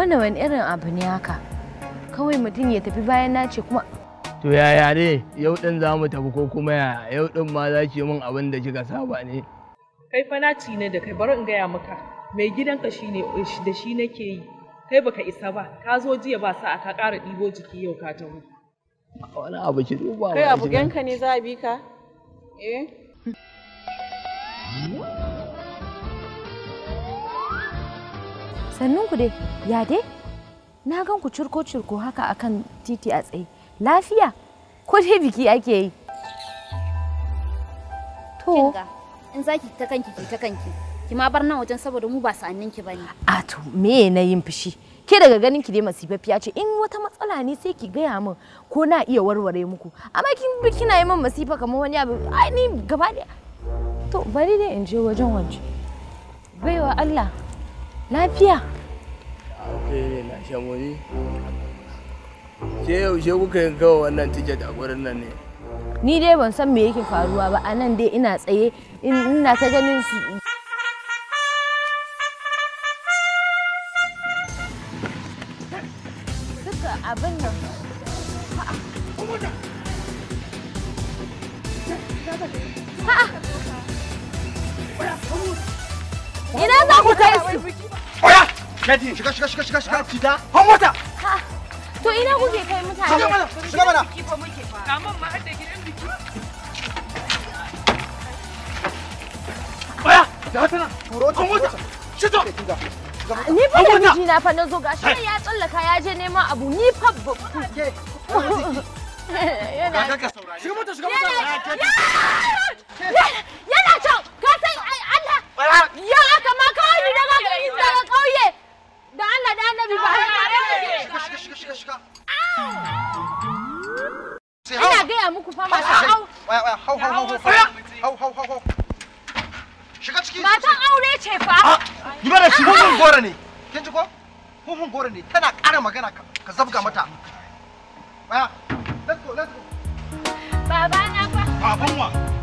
wani wani irin abu ne haka kawai mutum ya tafi bayan na ce kuma to yaya ne yau din za mu tafi ko kuma yaya yau din ma za ki min abin da kika saba ne kai fa naci ne da kai bari in gaya maka mai gidanka shine da shi nake yi kai baka isa ba ka zo jiya ba sa'a ka ƙara ɗibo jiki yau ka taho wani abu ki duba kai abu ganka ne za a bi ka eh sannun ku dai ya dai na gan ku curko curko haka akan titi a tsaye lafiya ko dai biki ake yi to in zaki ta kanki ki ta kanki ki ma bar nan wajen saboda mu ba sa'annin bane a to me na yin fishi ke daga ganin ki dai masifaffiya ce in wata matsala ne sai ki gaya min ko na iya warware muku amma kin bi kina yi min masifa kamar wani abu ai ni gaba to bari dai in je wajen wance baiwa Allah Lafiya? Eh, na yaushe kuka yin kawo wannan ticket a gurin nan ne? Ni dai ban san me yake faruwa ba, a nan dai ina tsaye, ina ta ganin su. Ha! kai su. Shiga To ina da Ni fa mijina fa na zo ga shi ya tsallaka ya je neman abu ni fa babbu. Shiga mota shiga mota. ya muku fama mata au. Hau hau hau hau hau hau hau. hau. Shiga ciki. Matan aure ce fa. Ah, ni ba da shi hunhun gore ne. Kin ji ko? Hunhun gore ne tana ƙara magana ka zabga mata. Baya. Let's go let's go. Baba na fa. Baban wa.